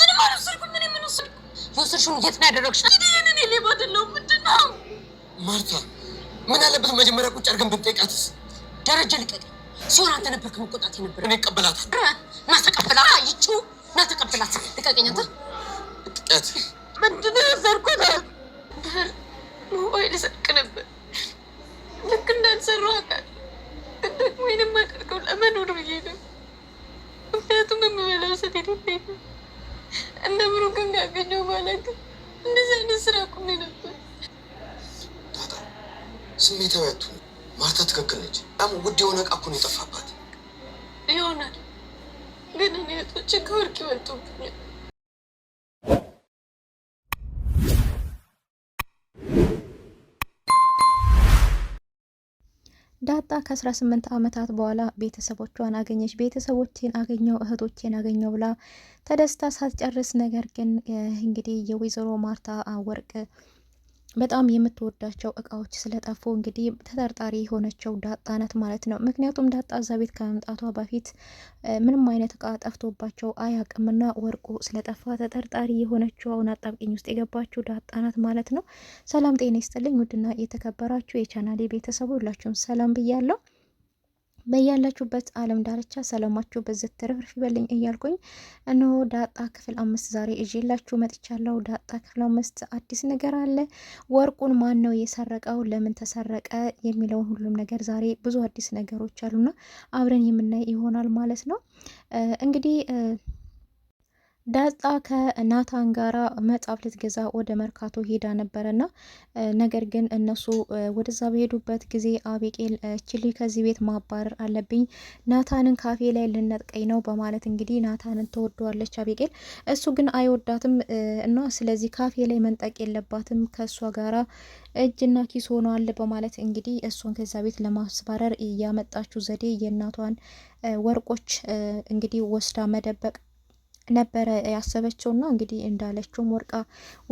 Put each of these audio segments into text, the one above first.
ምንም አልወሰድኩም። ምን የምንወስድ የወሰድሽውን የት ነው ያደረግሽ? ይህንን ሌባ አይደለሁም። ምንድን ነው ማርታ? ምን አለበት መጀመሪያ ቁጭ አድርገን ብንጠይቃትስ? ደረጀ ልቀቅ። ሲሆን አንተ ነበርክ መቆጣት የነበረ። እኔ እቀበላት እና ተቀበላት። ይቹ እና ተቀበላት። ልቀቀኝ አንተ። ልቀት ምንድን ነው የወሰድኩት? ሞባይል ሰድቅ ነበር። ልክ እንዳልሰራ አውቃለሁ። ግን ደግሞ ይሄን የማደርገው ለመኖር ብዬ ነው። ምክንያቱም የምበላው ስለሌለኝ አደረገ። እንደዚህ አይነት ስራ ቁሜ ነበር። ስሜታዊ አትሁን። ማርታ ትክክል ነች። በጣም ውድ የሆነ እኮ ነው የጠፋባት። ይሆናል ግን እኔ እህቶቼ ከወርቅ ይበልጡብኛል። ዳጣ ከ18 ዓመታት በኋላ ቤተሰቦቿን አገኘች። ቤተሰቦቼን አገኘው እህቶቼን አገኘው ብላ ተደስታ ሳትጨርስ ነገር ግን እንግዲህ የወይዘሮ ማርታ ወርቅ በጣም የምትወዳቸው እቃዎች ስለጠፉ እንግዲህ ተጠርጣሪ የሆነችው ዳጣ ናት ማለት ነው። ምክንያቱም ዳጣ እዛ ቤት ከመምጣቷ በፊት ምንም አይነት እቃ ጠፍቶባቸው አያቅምና ወርቁ ስለጠፋ ተጠርጣሪ የሆነችው አሁን አጣብቂኝ ውስጥ የገባችው ዳጣ ናት ማለት ነው። ሰላም ጤና ይስጥልኝ ውድና የተከበራችሁ የቻናሌ ቤተሰቡ ሁላችሁም ሰላም ብያለሁ። በያላችሁበት ዓለም ዳርቻ ሰላማችሁ በዘት ተረፍርፍ ይበልኝ እያልኩኝ እነሆ ዳጣ ክፍል አምስት ዛሬ እዤላችሁ መጥቻለሁ። ዳጣ ክፍል አምስት አዲስ ነገር አለ። ወርቁን ማን ነው የሰረቀው? ለምን ተሰረቀ? የሚለውን ሁሉም ነገር ዛሬ ብዙ አዲስ ነገሮች አሉና አብረን የምናይ ይሆናል ማለት ነው እንግዲህ ዳጣ ከናታን ጋራ መጽሐፍ ልትገዛ ወደ መርካቶ ሄዳ ነበረና ነገር ግን እነሱ ወደዛ በሄዱበት ጊዜ አቤቄል ችሊ ከዚህ ቤት ማባረር አለብኝ፣ ናታንን ካፌ ላይ ልነጥቀኝ ነው በማለት እንግዲህ ናታንን ተወደዋለች አቤቄል። እሱ ግን አይወዳትም እና ስለዚህ ካፌ ላይ መንጠቅ የለባትም ከእሷ ጋራ እጅና ኪስ ሆነዋል በማለት እንግዲህ እሷን ከዛ ቤት ለማስባረር እያመጣችው ዘዴ የእናቷን ወርቆች እንግዲህ ወስዳ መደበቅ ነበረ ነው እንግዲህ እንዳለችውም ወርቃ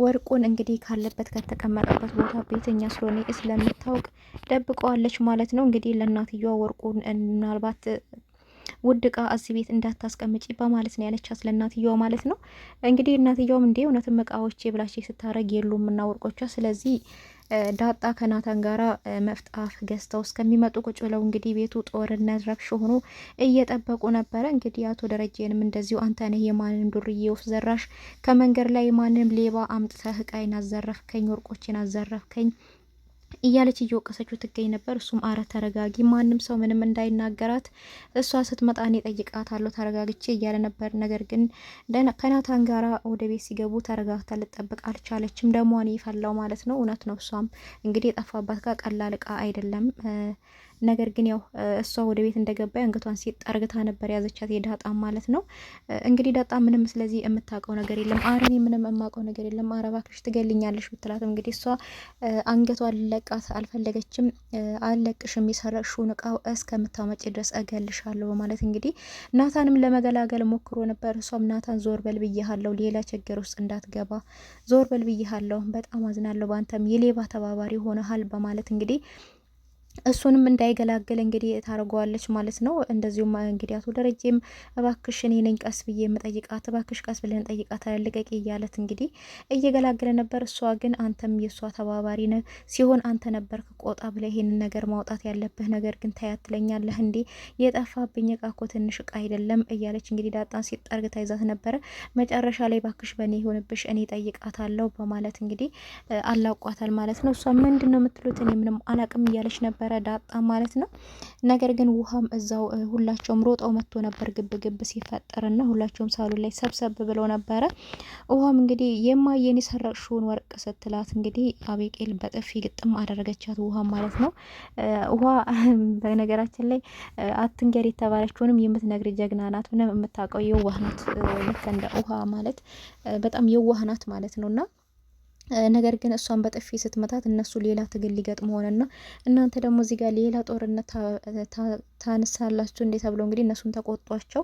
ወርቁን እንግዲህ ካለበት ከተቀመጠበት ቦታ ቤተኛ ስለሆነ ስለምታውቅ ደብቀዋለች ማለት ነው። እንግዲህ ለእናትየዋ ወርቁን ምናልባት ውድ እቃ እዚህ ቤት እንዳታስቀምጪ በማለት ነው ያለቻት ለእናትየዋ ማለት ነው። እንግዲህ እናትየዋም እንዴ እውነትም እቃዎቼ ብላቼ ስታረግ የሉም እና ወርቆቿ ስለዚህ ዳጣ ከናታን ጋራ መፍጣፍ ገዝተው እስከሚመጡ ቁጭ ብለው እንግዲህ ቤቱ ጦርነት ረብሽ ሆኖ እየጠበቁ ነበረ። እንግዲህ አቶ ደረጀንም እንደዚሁ አንተ ነህ የማንም ዱርዬ ወፍ ዘራሽ፣ ከመንገድ ላይ ማንም ሌባ አምጥተህ እቃዬን አዘረፍከኝ፣ ወርቆችን አዘረፍከኝ እያለች እየወቀሰችው ትገኝ ነበር። እሱም አረ ተረጋጊ፣ ማንም ሰው ምንም እንዳይናገራት፣ እሷ ስትመጣ እኔ ጠይቃታለሁ ተረጋግቼ እያለ ነበር። ነገር ግን ከናታን ጋራ ወደ ቤት ሲገቡ ተረጋግታ ልጠብቅ አልቻለችም። ደሟን ይፈላው ማለት ነው። እውነት ነው። እሷም እንግዲህ የጠፋባት ጋር ቀላል እቃ አይደለም። ነገር ግን ያው እሷ ወደ ቤት እንደገባ አንገቷን ሴት ጠርግታ ነበር ያዘቻት የዳጣም ማለት ነው። እንግዲህ ዳጣ ምንም ስለዚህ የምታውቀው ነገር የለም። አረ እኔ ምንም የማውቀው ነገር የለም፣ አረ እባክሽ ትገልኛለሽ ብትላት እንግዲህ እሷ አንገቷን ለቃት አልፈለገችም። አልለቅሽም የሰረቅሽውን እቃ እስከምታመጭ ድረስ እገልሻለሁ በማለት እንግዲህ ናታንም ለመገላገል ሞክሮ ነበር። እሷም ናታን ዞር በል ብያሃለሁ፣ ሌላ ችግር ውስጥ እንዳትገባ ዞር በል ብያሃለሁ፣ በጣም አዝናለሁ፣ በአንተም የሌባ ተባባሪ ሆነሃል በማለት እንግዲህ እሱንም እንዳይገላገል እንግዲህ ታደርገዋለች ማለት ነው። እንደዚሁም እንግዲህ አቶ ደረጀም እባክሽ እኔ ነኝ ቀስ ብዬ የምጠይቃት እባክሽ ቀስ ብለን ጠይቃት አለቀቂ እያለት እንግዲህ እየገላገለ ነበር። እሷ ግን አንተም የእሷ ተባባሪ ነ ሲሆን አንተ ነበር ቆጣ ብለ ይሄንን ነገር ማውጣት ያለብህ ነገር ግን ታያትለኛለህ እንዴ የጠፋብኝ እቃ እኮ ትንሽ እቃ አይደለም እያለች እንግዲህ ዳጣን ሲጠርግ ታይዛት ነበረ። መጨረሻ ላይ ባክሽ በእኔ ይሆንብሽ እኔ ጠይቃታለሁ በማለት እንግዲህ አላውቋታል ማለት ነው። እሷ ምንድን ነው የምትሉት እኔ ምንም አላቅም እያለች ነበር ነበረ ዳጣ ማለት ነው። ነገር ግን ውሃም እዛው ሁላቸውም ሮጠው መጥቶ ነበር ግብ ግብ ሲፈጠርና ሁላቸውም ሳሉ ላይ ሰብሰብ ብለው ነበረ። ውሃም እንግዲህ የማየን የሰረቅሽውን ወርቅ ስትላት እንግዲህ አቤቄል በጥፊ ግጥም አደረገቻት ውሃ ማለት ነው። ውሃ በነገራችን ላይ አትንገሪ የተባለችውንም የምትነግር ጀግና ናት። ምንም የምታውቀው የዋህ ናት። ልክ እንደ ውሃ ማለት በጣም የዋህ ናት ማለት ነውና ነገር ግን እሷን በጥፊ ስትመታት እነሱ ሌላ ትግል ሊገጥም ሆነና እናንተ ደግሞ እዚህ ጋር ሌላ ጦርነት ታነሳላችሁ እንዴ ተብሎ እንግዲህ እነሱን ተቆጧቸው።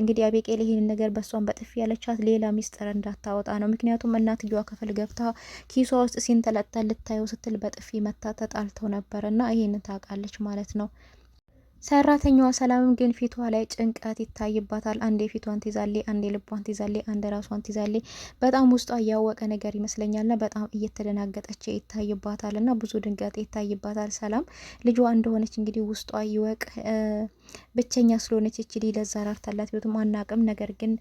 እንግዲህ አቤቄል ይሄንን ነገር በእሷን በጥፊ ያለቻት ሌላ ሚስጥር እንዳታወጣ ነው። ምክንያቱም እናትየዋ ክፍል ገብታ ኪሷ ውስጥ ሲንጠለጠል ልታየው ስትል በጥፊ መታ ተጣልተው ነበረና ይሄንን ታውቃለች ማለት ነው። ሰራተኛዋ ሰላምም ግን ፊቷ ላይ ጭንቀት ይታይባታል። አንዴ ፊቷን ትይዛሌ፣ አንዴ ልቧን ትይዛሌ፣ አንዴ ራሷን ትይዛሌ። በጣም ውስጧ እያወቀ ነገር ይመስለኛልና በጣም እየተደናገጠች ይታይባታል እና ብዙ ድንጋጤ ይታይባታል። ሰላም ልጇ እንደሆነች እንግዲህ ውስጧ ይወቅ። ብቸኛ ስለሆነች እችዲ ለዛ ራርታላት ቢሆንም አናቅም። ነገር ግን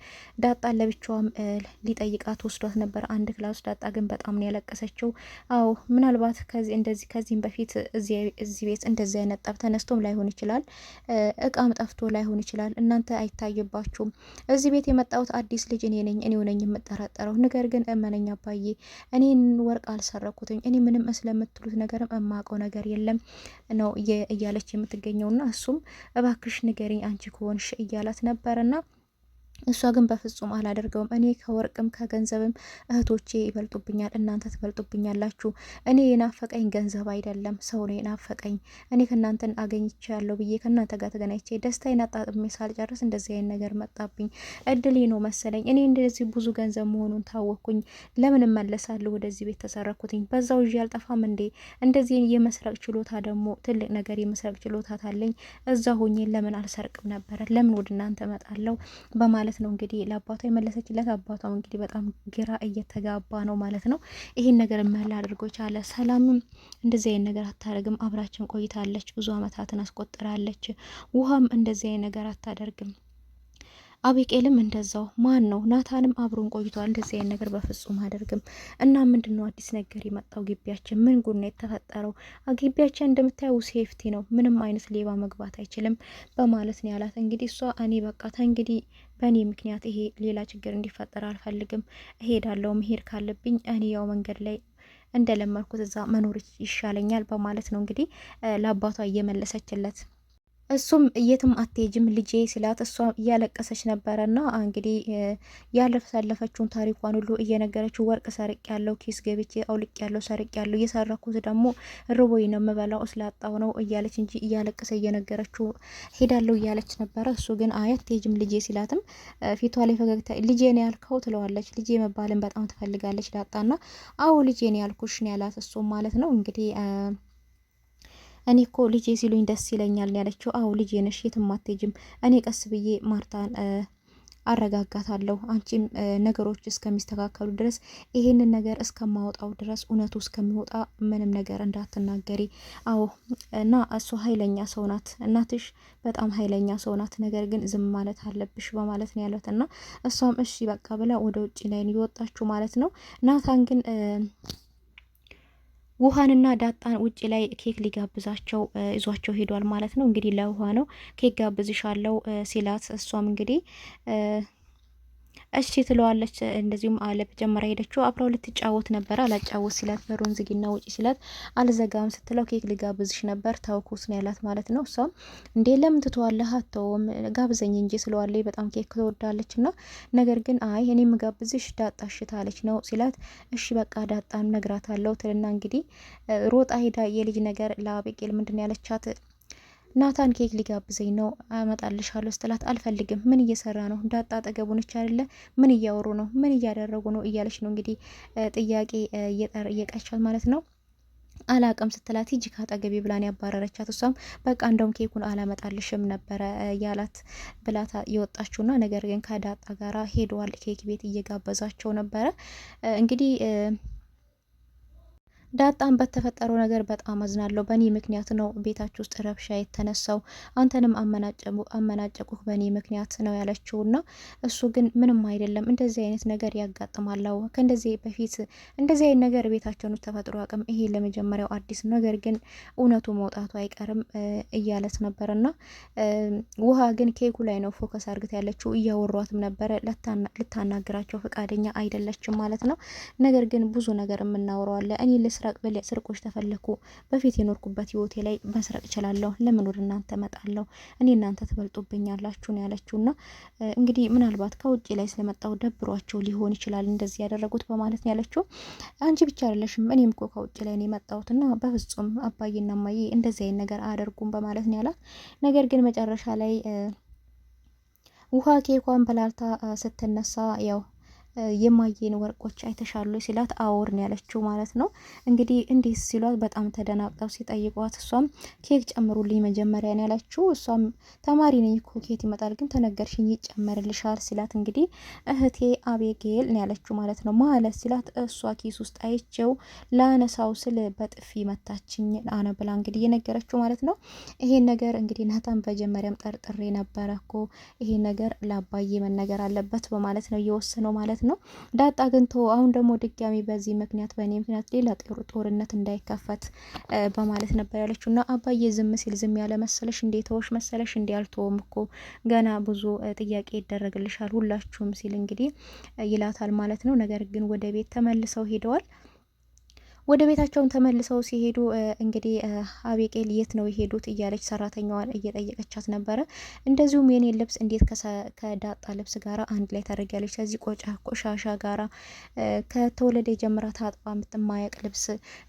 ዳጣ ለብቻዋም ሊጠይቃት ወስዷት ነበር አንድ ክላስ። ዳጣ ግን በጣም ነው ያለቀሰችው። አዎ ምናልባት ከዚህ እንደዚህ ከዚህም በፊት እዚህ ቤት እንደዚህ አይነት ጠብ ተነስቶም ላይሆን ይችላል እቃም ጠፍቶ ላይሆን ይችላል። እናንተ አይታይባችሁም። እዚህ ቤት የመጣሁት አዲስ ልጅ እኔ ነኝ፣ እኔው ነኝ የምጠረጠረው። ነገር ግን እመነኝ አባዬ፣ እኔን ወርቅ አልሰረኩትኝ። እኔ ምንም ስለምትሉት ነገርም እማቀው ነገር የለም ነው እያለች የምትገኘውና እሱም እባክሽ ንገሪኝ አንቺ ከሆንሽ እያላት ነበርና እሷ ግን በፍጹም አላደርገውም። እኔ ከወርቅም ከገንዘብም እህቶቼ ይበልጡብኛል፣ እናንተ ትበልጡብኛላችሁ። እኔ የናፈቀኝ ገንዘብ አይደለም፣ ሰው ነው የናፈቀኝ። እኔ ከእናንተን አገኝቼ ያለው ብዬ ከእናንተ ጋር ተገናኝቼ ደስታዬን አጣጥሜ ሳልጨርስ እንደዚህ አይነት ነገር መጣብኝ። እድሌ ነው መሰለኝ። እኔ እንደዚህ ብዙ ገንዘብ መሆኑን ታወቅኩኝ። ለምን እመለሳለሁ ወደዚህ ቤት ተሰረኩትኝ? በዛው እዥ ያልጠፋም እንዴ? እንደዚህ የመስረቅ ችሎታ ደግሞ ትልቅ ነገር የመስረቅ ችሎታ ታለኝ። እዛ ሆኜ ለምን አልሰርቅም ነበረ? ለምን ወደ እናንተ መጣለው በማለት ማለት ነው እንግዲህ ለአባቷ የመለሰችለት። አባቷ እንግዲህ በጣም ግራ እየተጋባ ነው ማለት ነው። ይሄን ነገር መላ አድርጎ ቻለ። ሰላምም እንደዚህ አይነት ነገር አታደርግም። አብራችን ቆይታለች፣ ብዙ አመታትን አስቆጥራለች። ውሃም እንደዚህ አይነት ነገር አታደርግም። አቤቄልም እንደዛው። ማን ነው ናታንም አብሮን ቆይቷል። እንደዚህ አይነት ነገር በፍጹም አደርግም። እና ምንድን ነው አዲስ ነገር የመጣው ግቢያችን? ምን ጉድ ነው የተፈጠረው? ግቢያችን እንደምታየው ሴፍቲ ነው፣ ምንም አይነት ሌባ መግባት አይችልም በማለት ነው ያላት። እንግዲህ እሷ እኔ በቃ እንግዲህ በእኔ ምክንያት ይሄ ሌላ ችግር እንዲፈጠር አልፈልግም። እሄዳለሁ፣ መሄድ ካለብኝ እኔ ያው መንገድ ላይ እንደለመድኩት እዛ መኖር ይሻለኛል በማለት ነው እንግዲህ ለአባቷ እየመለሰችለት እሱም የትም አትሄጅም ልጄ ሲላት እሷ እያለቀሰች ነበረ እና እንግዲህ ያለፈሳለፈችውን ታሪኳን ሁሉ እየነገረችው ወርቅ ሰርቅ ያለው ኪስ ገብቼ አውልቅ ያለው ሰርቅ ያለው እየሰረኩት ደግሞ ርቦይ ነው የምበላው ስላጣው ነው እያለች እንጂ እያለቀሰ እየነገረችው ሄዳለው እያለች ነበረ። እሱ ግን አይ አትሄጅም ልጄ ሲላትም ፊቷ ላይ ፈገግታ ልጄ ነው ያልከው ትለዋለች። ልጄ መባልን በጣም ትፈልጋለች ዳጣና አዎ ልጄ ነው ያልኩሽ ነው ያላት እሱም ማለት ነው እንግዲህ እኔ እኮ ልጄ ሲሉኝ ደስ ይለኛል ያለችው። አዎ ልጄ ነሽ፣ የትም አትሄጂም። እኔ ቀስ ብዬ ማርታን አረጋጋታለሁ። አንቺም ነገሮች እስከሚስተካከሉ ድረስ ይሄንን ነገር እስከማወጣው ድረስ እውነቱ እስከሚወጣ ምንም ነገር እንዳትናገሪ። አዎ እና እሱ ኃይለኛ ሰው ናት፣ እናትሽ በጣም ኃይለኛ ሰው ናት። ነገር ግን ዝም ማለት አለብሽ በማለት ነው ያለት እና እሷም እሺ በቃ ብላ ወደ ውጭ ላይ ይወጣችሁ ማለት ነው ናታን ግን ውሃንና ዳጣን ውጭ ላይ ኬክ ሊጋብዛቸው ይዟቸው ሄዷል ማለት ነው። እንግዲህ ለውሃ ነው ኬክ ጋብዝሻለው ሲላት እሷም እንግዲህ እሺ ትለዋለች። እንደዚሁም አለ ለመጀመሪያ ሄደችው አብረው ልትጫወት ነበር። አላጫወት ሲላት በሩን ዝጊና ውጪ ሲላት አልዘጋም ስትለው ኬክ ልጋብዝሽ ነበር ታውኩስ ነው ያላት ማለት ነው። እሷም እንዴ ለምን ትተዋለህ አተውም ጋብዘኝ እንጂ ስለዋለች። በጣም ኬክ ትወዳለች እና ነገር ግን አይ እኔም ጋብዝሽ ዳጣ ሽታለች ነው ሲላት እሺ በቃ ዳጣን ነግራታለሁ ትልና እንግዲህ ሮጣ ሄዳ የልጅ ነገር ለአቤቄል ምንድን ያለቻት ናታን ኬክ ሊጋብዘኝ ነው አመጣልሻለሁ ስትላት አልፈልግም። ምን እየሰራ ነው? ዳጣ አጠገቡ ይቻላል ምን እያወሩ ነው? ምን እያደረጉ ነው? እያለች ነው እንግዲህ ጥያቄ እየጠየቀቻት ማለት ነው። አላቅም ስትላት ሂጂ ካጠገቤ ብላን ያባረረቻት። እሷም በቃ እንደውም ኬኩን አላመጣልሽም ነበረ ያላት ብላታ የወጣችውና ነገር ግን ከዳጣ ጋራ ሄደዋል። ኬክ ቤት እየጋበዛቸው ነበረ እንግዲህ ዳጣም በተፈጠረው ነገር በጣም አዝናለሁ። በእኔ ምክንያት ነው ቤታችሁ ውስጥ ረብሻ የተነሳው፣ አንተንም አመናጨቁህ በእኔ ምክንያት ነው ያለችው እሱ ግን ምንም አይደለም፣ እንደዚህ አይነት ነገር ያጋጥማለው። ከእንደዚህ በፊት እንደዚህ አይነት ነገር ቤታቸውን ውስጥ ተፈጥሮ አቅም ይሄ ለመጀመሪያው አዲስ ነገር ግን እውነቱ መውጣቱ አይቀርም እያለት ነበር ውሃ ግን ኬኩ ላይ ነው ፎከስ አድርግት ያለችው። እያወሯትም ነበረ ልታናግራቸው ፈቃደኛ አይደለችም ማለት ነው። ነገር ግን ብዙ ነገር የምናውረዋለ እኔ በምስራቅ ስርቆች ተፈለኩ። በፊት የኖርኩበት ህይወቴ ላይ መስረቅ እችላለሁ፣ ለምን ወደ እናንተ መጣለሁ እኔ እናንተ ትበልጡብኛላችሁ ነው ና እንግዲህ ምናልባት ከውጭ ላይ ስለመጣው ደብሯቸው ሊሆን ይችላል እንደዚህ ያደረጉት በማለት ነው ያለችው። አንቺ ብቻ አይደለሽም፣ እኔም እኮ ከውጭ ላይ ነው የመጣሁትና በፍጹም አባዬና እማዬ እንደዚህ አይነት ነገር አያደርጉም በማለት ነው ያላት። ነገር ግን መጨረሻ ላይ ውሃ ኬኳን በላልታ ስትነሳ ያው የማየን ወርቆች አይተሻሉ ሲላት አወርን ያለችው ማለት ነው። እንግዲህ እንዴት ሲሏት በጣም ተደናቅጠው ሲጠይቋት እሷም ኬክ ጨምሩልኝ መጀመሪያን ያለችው። እሷም ተማሪ ነኝ እኮ ኬት ይመጣል ግን ተነገርሽኝ ይጨመርልሻል ሲላት እንግዲህ እህቴ አቤጌል ነው ያለችው ማለት ነው። ማለት ሲላት እሷ ኪስ ውስጥ አይቼው ላነሳው ስል በጥፊ መታችኝ አነ ብላ እንግዲህ የነገረችው ማለት ነው። ይሄን ነገር እንግዲህ ናታን መጀመሪያም ጠርጥሬ ነበረ እኮ ይሄ ነገር ለአባዬ መነገር አለበት በማለት ነው እየወሰነው ማለት ነው። ነው። ዳጣ ግን ቶ አሁን ደግሞ ድጋሚ በዚህ ምክንያት በእኔ ምክንያት ሌላ ጦርነት እንዳይከፈት በማለት ነበር ያለችው። እና አባዬ ዝም ሲል ዝም ያለ መሰለሽ እንዴ? ተወሽ መሰለሽ እንዴ? አልተወም እኮ ገና ብዙ ጥያቄ ይደረግልሻል ሁላችሁም ሲል እንግዲህ ይላታል ማለት ነው። ነገር ግን ወደ ቤት ተመልሰው ሄደዋል። ወደ ቤታቸውን ተመልሰው ሲሄዱ እንግዲህ አቤቄል የት ነው የሄዱት እያለች ሰራተኛዋን እየጠየቀቻት ነበረ። እንደዚሁም የኔ ልብስ እንዴት ከዳጣ ልብስ ጋር አንድ ላይ ታደርጊያለች? ከዚህ ቆሻሻ ጋራ ከተወለደ የጀምራ ታጥባ የምትማያቅ ልብስ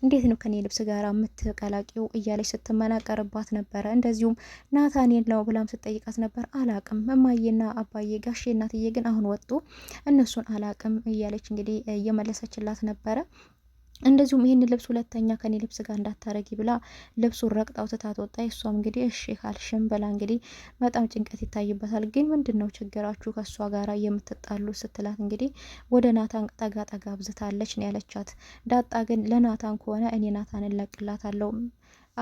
እንዴት ነው ከኔ ልብስ ጋር የምትቀላቂው እያለች ስትመናቀርባት ነበረ። እንደዚሁም ናታኔል ነው ብላም ስትጠይቃት ነበር። አላቅም እማዬና አባዬ ጋሼ እናትዬ ግን አሁን ወጡ፣ እነሱን አላቅም እያለች እንግዲህ እየመለሰችላት ነበረ። እንደዚሁም ይህን ልብስ ሁለተኛ ከኔ ልብስ ጋር እንዳታረጊ ብላ ልብሱን ረግጣው ትታት ወጣ። እሷም እንግዲህ እሺ ካልሽም ብላ እንግዲህ በጣም ጭንቀት ይታይበታል። ግን ምንድን ነው ችግራችሁ ከእሷ ጋር የምትጣሉ ስትላት እንግዲህ ወደ ናታን ጠጋ ጠጋ አብዝታለች ነው ያለቻት። ዳጣ ግን ለናታን ከሆነ እኔ ናታንን ለቅላታለሁ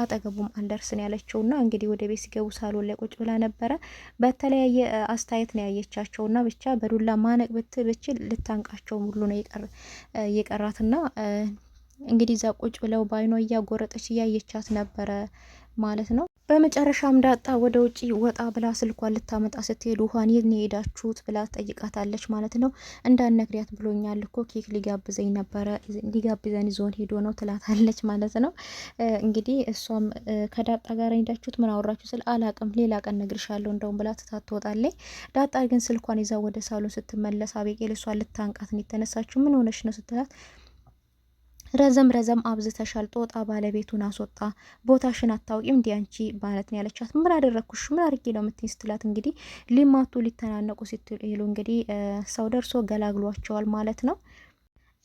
አጠገቡም አልደርስን ያለችው ና እንግዲህ ወደ ቤት ሲገቡ ሳሎን ላይ ቁጭ ብላ ነበረ። በተለያየ አስተያየት ነው ያየቻቸውና ብቻ በዱላ ማነቅ ብት ብችል ልታንቃቸው ሁሉ ነው የቀራትና። እንግዲህ እዛ ቁጭ ብለው ባይኗ እያጎረጠች እያየቻት ነበረ ማለት ነው። በመጨረሻም ዳጣ ወደ ውጪ ወጣ ብላ ስልኳን ልታመጣ ስትሄድ ውሃን የት ነው የሄዳችሁት ብላ ጠይቃታለች ማለት ነው። እንዳነግሪያት ብሎኛል እኮ ኬክ ሊጋብዘኝ ነበረ ሊጋብዘን ይዞን ሄዶ ነው ትላታለች ማለት ነው። እንግዲህ እሷም ከዳጣ ጋር ሄዳችሁት ምን አወራችሁ ስል አላቅም፣ ሌላ ቀን ነግርሻለሁ እንደውም ብላ ትታት ትወጣለች። ዳጣ ግን ስልኳን ይዛ ወደ ሳሎን ስትመለስ አቤቄል ልሷን ልታንቃት ነው የተነሳችሁ ምን ሆነች ነው ስትላት ረዘም ረዘም አብዝተሻል፣ ጦጣ ባለቤቱን አስወጣ፣ ቦታሽን አታውቂም እንዲ አንቺ ማለት ነው ያለቻት። ምን አደረግኩሽ? ምን አድርጌ ነው የምትኝ ስትላት እንግዲህ ሊማቱ ሊተናነቁ ሲሉ እንግዲህ ሰው ደርሶ ገላግሏቸዋል ማለት ነው።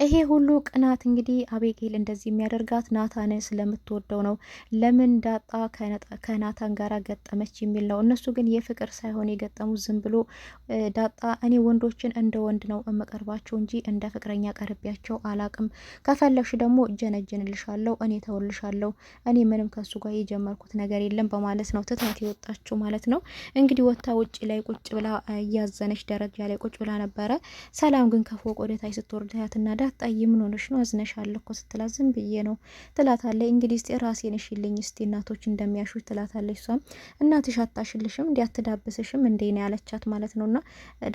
ይሄ ሁሉ ቅናት እንግዲህ አቤጌል እንደዚህ የሚያደርጋት ናታን ስለምትወደው ነው። ለምን ዳጣ ከናታን ጋር ገጠመች የሚል ነው። እነሱ ግን የፍቅር ሳይሆን የገጠሙት ዝም ብሎ ዳጣ እኔ ወንዶችን እንደ ወንድ ነው እምቀርባቸው እንጂ እንደ ፍቅረኛ ቀርቢያቸው አላቅም። ከፈለግሽ ደግሞ እጀነጅንልሻለሁ፣ እኔ ተወልሻለሁ፣ እኔ ምንም ከሱ ጋር የጀመርኩት ነገር የለም በማለት ነው ትታት የወጣችው ማለት ነው። እንግዲህ ወታ ውጭ ላይ ቁጭ ብላ እያዘነች ደረጃ ላይ ቁጭ ብላ ነበረ። ሰላም ግን ከፎቅ ወደታች ስትወርድ ያትና ስትላት ጣይ ምን ሆነሽ ነው አዝነሻል እኮ ስትላት ዝም ብዬ ነው ትላታለች። እንግዲህ እስቲ ራሴን እሽልኝ እስቲ እናቶች እንደሚያሹት ትላታለች። እሷም እናትሽ አታሽልሽም እንዲ አትዳብስሽም እንዴ ነው ያለቻት ማለት ነው። እና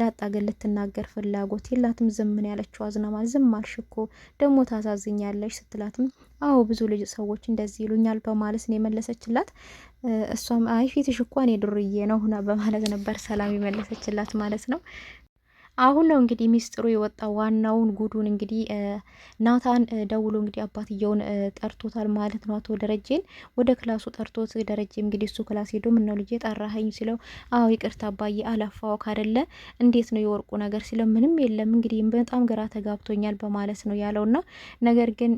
ዳጣ ግን ልትናገር ፍላጎት የላትም። ዝምን ያለችው አዝናማል። ዝም አልሽ እኮ ደግሞ ታሳዝኛለሽ ስትላትም አዎ ብዙ ልጅ ሰዎች እንደዚህ ይሉኛል በማለት ነው የመለሰችላት። እሷም አይ ፊትሽ እኮ እኔ ዱርዬ ነው ሁና በማለት ነበር ሰላም የመለሰችላት ማለት ነው። አሁን ነው እንግዲህ ሚስጥሩ የወጣ ዋናውን ጉዱን እንግዲህ ናታን ደውሎ እንግዲህ አባትየውን ጠርቶታል ማለት ነው። አቶ ደረጀን ወደ ክላሱ ጠርቶት ደረጀ እንግዲህ እሱ ክላስ ሄዶ ምን ነው ልጄ ጠራኸኝ ሲለው አዎ ይቅርታ አባዬ አላፋው ካደለ እንዴት ነው የወርቁ ነገር ሲለው ምንም የለም እንግዲህ በጣም ግራ ተጋብቶኛል በማለት ነው ያለውና ነገር ግን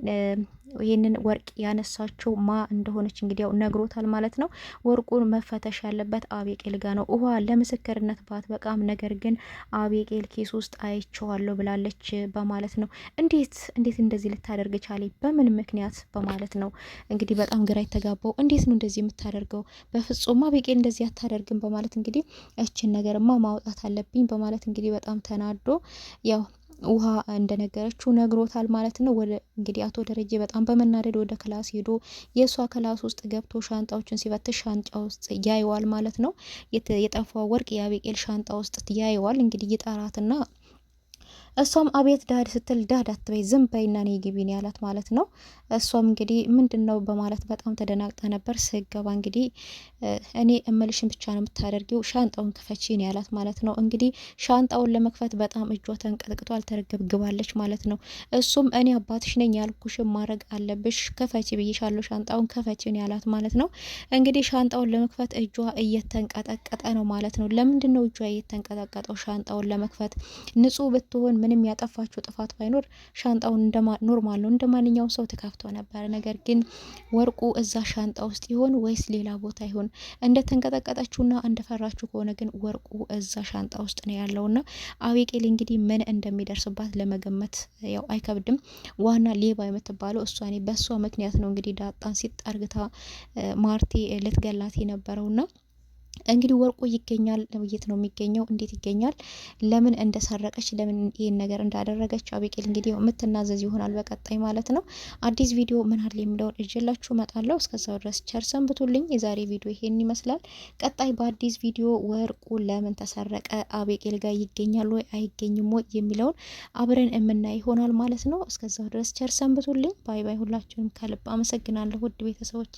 ይህንን ወርቅ ያነሳችው ማ እንደሆነች ያው ነግሮታል ማለት ነው። ወርቁን መፈተሽ ያለበት አቤቄል ጋ ነው። ውሃ ለምስክርነት ባት በቃም ነገር ግን አቤቄል ኬስ ውስጥ አይቸዋለሁ ብላለች በማለት ነው። እንዴት እንዴት እንደዚህ ልታደርግ ቻለ? በምን ምክንያት በማለት ነው እንግዲህ በጣም ግራ የተጋባው። እንዴት ነው እንደዚህ የምታደርገው? በፍጹም አቤቄል እንደዚህ አታደርግም በማለት እንግዲህ እችን ነገርማ ማውጣት አለብኝ በማለት እንግዲህ በጣም ተናዶ ያው ውሃ እንደነገረችው ነግሮታል ማለት ነው። ወደ እንግዲህ አቶ ደረጀ በጣም በመናደድ ወደ ክላስ ሄዶ የእሷ ክላስ ውስጥ ገብቶ ሻንጣዎችን ሲፈትሽ ሻንጣ ውስጥ ያየዋል ማለት ነው። የጠፋው ወርቅ የአቤቄል ሻንጣ ውስጥ ያየዋል። እንግዲህ ይጠራትና እሷም አቤት ዳድ ስትል ዳድ አትበይ ዝም በይና እኔ ግቢን ያላት ማለት ነው። እሷም እንግዲህ ምንድን ነው በማለት በጣም ተደናግጣ ነበር። ስገባ እንግዲህ እኔ እመልሽን ብቻ ነው የምታደርጊው፣ ሻንጣውን ክፈቺን ያላት ማለት ነው። እንግዲህ ሻንጣውን ለመክፈት በጣም እጇ ተንቀጥቅጦ አልተረገብግባለች ማለት ነው። እሱም እኔ አባትሽ ነኝ ያልኩሽን ማድረግ አለብሽ፣ ክፈቺ ብዬሻለሁ፣ ሻንጣውን ክፈቺን ያላት ማለት ነው። እንግዲህ ሻንጣውን ለመክፈት እጇ እየተንቀጠቀጠ ነው ማለት ነው። ለምንድን ነው እጇ እየተንቀጠቀጠው ሻንጣውን ለመክፈት ንጹህ ብትሆን ምንም ያጠፋችው ጥፋት ባይኖር ሻንጣውን ኖርማል ነው እንደ ማንኛውም ሰው ተካፍቶ ነበር። ነገር ግን ወርቁ እዛ ሻንጣ ውስጥ ይሆን ወይስ ሌላ ቦታ ይሆን? እንደተንቀጠቀጠችውና እንደፈራችሁ ከሆነ ግን ወርቁ እዛ ሻንጣ ውስጥ ነው ያለውና አቤቄል እንግዲህ ምን እንደሚደርስባት ለመገመት ያው አይከብድም። ዋና ሌባ የምትባለው እሷ በእሷ ምክንያት ነው እንግዲህ ዳጣን ሲጣርግታ ማርቴ ልትገላት የነበረውና እንግዲህ ወርቁ ይገኛል። ለውይይት ነው የሚገኘው። እንዴት ይገኛል? ለምን እንደሰረቀች፣ ለምን ይህን ነገር እንዳደረገች አቤቄል እንግዲህ የምትናዘዝ ይሆናል በቀጣይ ማለት ነው። አዲስ ቪዲዮ ምን አለ የሚለውን እጅላችሁ እመጣለሁ። እስከዛው ድረስ ቸር ሰንብቱልኝ። የዛሬ ቪዲዮ ይሄን ይመስላል። ቀጣይ በአዲስ ቪዲዮ ወርቁ ለምን ተሰረቀ፣ አቤቄል ጋር ይገኛል ወይ አይገኝም ወይ የሚለውን አብረን የምናይ ይሆናል ማለት ነው። እስከዛው ድረስ ቸር ሰንብቱልኝ። ባይ ባይ። ሁላችሁንም ከልብ አመሰግናለሁ ውድ ቤተሰቦቼ።